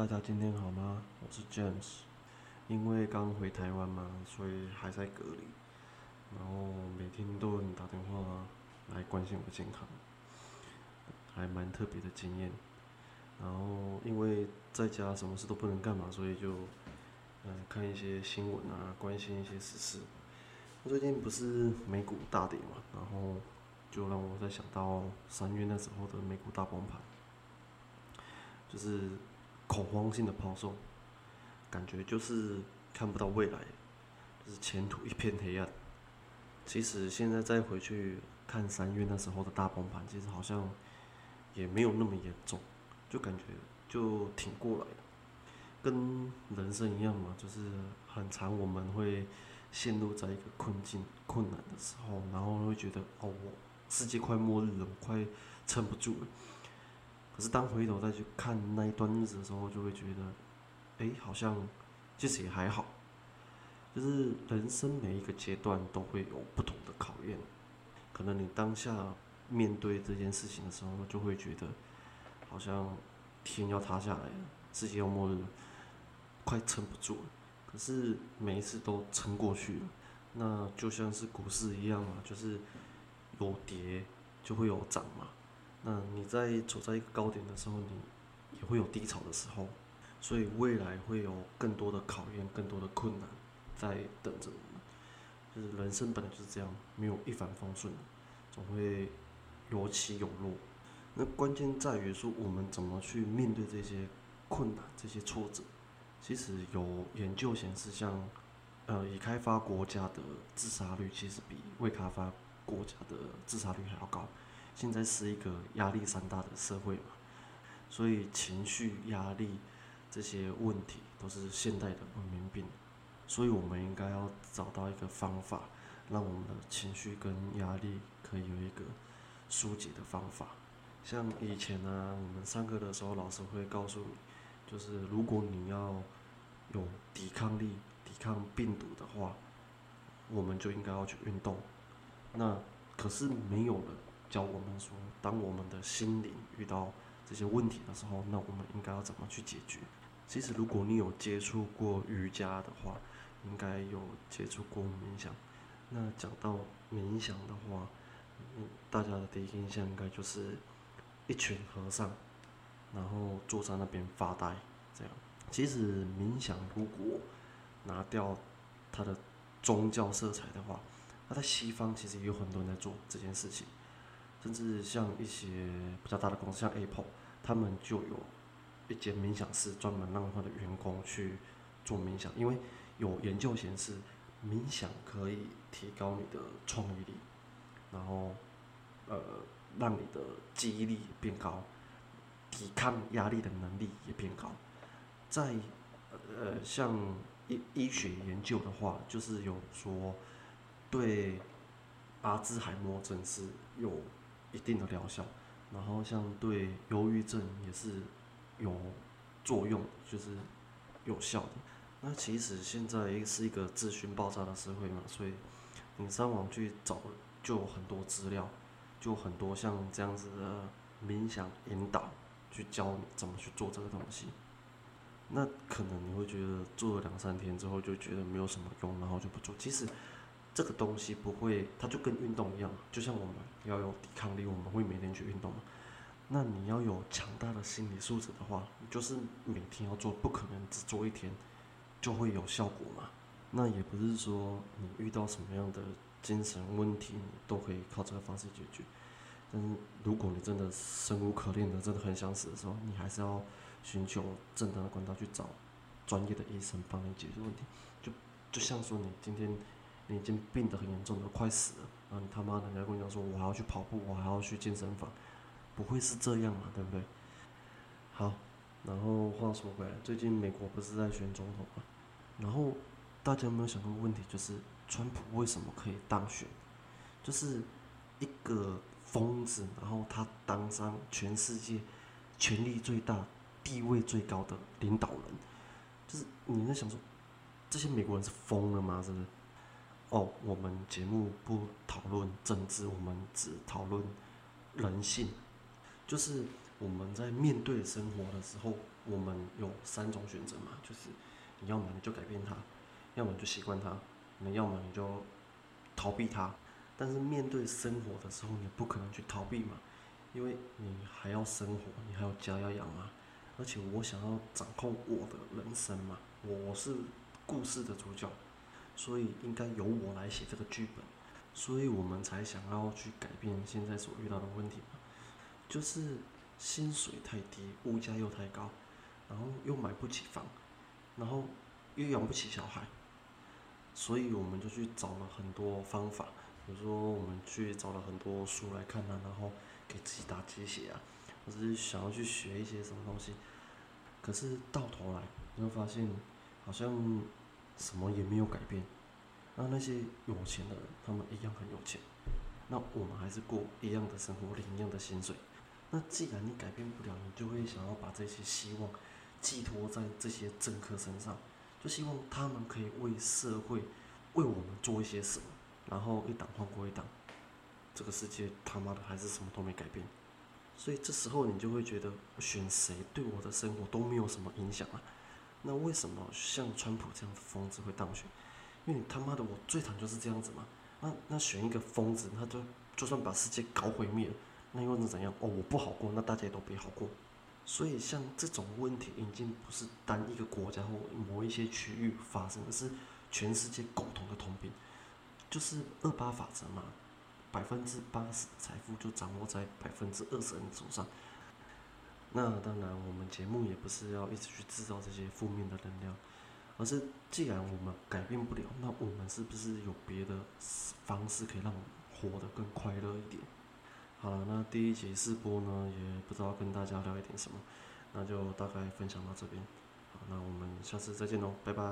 大家今天好嗎？我是 James，因為剛回台灣嘛，所以還在隔離，然後每天都有人打電話來關心我的健康，還蠻特別的經驗。然後因為在家什麼事都不能幹嘛，所以就嗯、呃、看一些新聞啊，關心一些時事。我最近不是美股大跌嘛，然後就讓我在想到三月那時候的美股大崩盤，就是，恐慌性的拋售，感覺就是看不到未來，就是前途一片黑暗。其實現在再回去看三月那時候的大崩盤，其實好像也沒有那麼嚴重，就感覺就挺過來的。跟人生一樣嘛，就是很長，我們會陷入在一個困境、困難的時候，然後會覺得哦，我世界快末日了，我快撐不住了。可是當回頭再去看那一段日子的時候，就會覺得，哎、欸，好像其實也還好。就是人生每一個階段都會有不同的考驗，可能你當下面對這件事情的時候，就會覺得好像天要塌下來了，世界要末日了，快撐不住了。可是每一次都撐過去了，那就像是股市一樣嘛、啊，就是有跌就會有漲嘛。那你在處在一個高點的時候，你也會有低潮的時候，所以未來會有更多的考驗，更多的困難在等着你。就是人生本來就是這樣，沒有一帆風順，總會有起有落。那關鍵在於說，我們怎麼去面對這些困難、這些挫折。其實有研究顯示像，像呃，已開發國家的自殺率其實比未開發國家的自殺率還要高。現在是一個壓力山大的社會嘛，所以情緒壓力這些問題都是現代的文明病，所以我們應該要找到一個方法，讓我們的情緒跟壓力可以有一個疏解的方法。像以前呢，我們上課的時候，老師會告訴你，就是如果你要有抵抗力，抵抗病毒的話，我們就應該要去運動。那可是沒有了。教我們說，當我們的心靈遇到這些問題的時候，那我們應該要怎麼去解決？其實，如果你有接觸過瑜伽的話，應該有接觸過冥想。那講到冥想的話，大家的第一印象應該就是一群和尚，然後坐在那邊發呆這樣。其實，冥想如果拿掉它的宗教色彩的話，那啊在西方其實也有很多人在做這件事情。甚至像一些比較大的公司，像 Apple，他們就有一間冥想室，專門讓他的員工去做冥想。因為有研究顯示，冥想可以提高你的創意力，然後呃，讓你的記憶力變高，抵抗壓力的能力也變高。在呃，像醫醫學研究的話，就是有說對阿茲海默症是有一定的療效，然後像對憂鬱症也是有作用，就是有效的。那其實現在也是一個資訊爆炸的社會嘛，所以你上網去找就有很多資料，就很多像這樣子的冥想引導，去教你怎麼去做這個東西。那可能你會覺得做了兩三天之後就覺得沒有什麼用，然後就不做。其實這個東西不會，它就跟運動一樣，就像我們。要有抵抗力，我們會每天去運動嘛？那你要有強大的心理素質的話，你就是每天要做，不可能只做一天就會有效果嘛？那也不是說你遇到什麼樣的精神問題，你都可以靠這個方式解決。但是如果你真的生無可戀的，真的很想死的時候，你還是要尋求正當的管道去找專業的醫生幫你解決問題。就就像說你今天。已經病得很嚴重了，快死了。然後，啊，他媽的，人家跟你講說，我還要去跑步，我還要去健身房，不會是這樣嘛？對不對？好，然後話說回來，最近美國不是在選總統嗎？然後大家有沒有想過問題，就是川普為什麼可以當選？就是一個瘋子，然後他當上全世界權力最大、地位最高的領導人，就是你在想說，這些美國人是瘋了嗎？是不是？哦，我們節目不討論政治，我們只討論人性。就是我們在面對生活的時候，我們有三種選擇嘛，就是你要麼你就改變它，要麼就習慣它，你要麼你就逃避它。但是面對生活的時候，你不可能去逃避嘛，因為你還要生活，你還有家要養嘛，而且我想要掌控我的人生嘛，我是故事的主角。所以應該由我來寫這個劇本，所以我們才想要去改變現在所遇到的問題，就是薪水太低，物價又太高，然後又買不起房，然後又養不起小孩，所以我們就去找了很多方法，比如說我們去找了很多書來看啊，然後給自己打雞血啊，或者是想要去學一些什麼東西，可是到頭來你會發現，好像。什麼也沒有改變，那那些有錢的人，他們一樣很有錢，那我們還是過一樣的生活，領一樣的薪水。那既然你改變不了，你就會想要把這些希望寄托在這些政客身上，就希望他們可以為社會為我們做一些什麼。然後一黨換過一黨，這個世界他媽的還是什麼都沒改變。所以這時候你就會覺得，我選誰對我的生活都沒有什麼影響啊。那為什麼像川普這樣的瘋子會當選？因為他媽的，我最慘就是這樣子嘛，那。那那選一個瘋子，他就就算把世界搞毀滅了，那又能怎樣？哦，我不好過，那大家也都別好過。所以像這種問題已經不是單一個國家或某一些區域發生，而是全世界共同的通病，就是二八法則嘛。百分之八十的財富就掌握在百分之二十人手上。那當然，我們節目也不是要一直去制造這些負面的能量，而是既然我們改變不了，那我們是不是有別的方式可以讓我們活得更快樂一點？好了，那第一集試播呢，也不知道跟大家聊一點什麼，那就大概分享到這邊。好，那我們下次再見嘍，拜拜。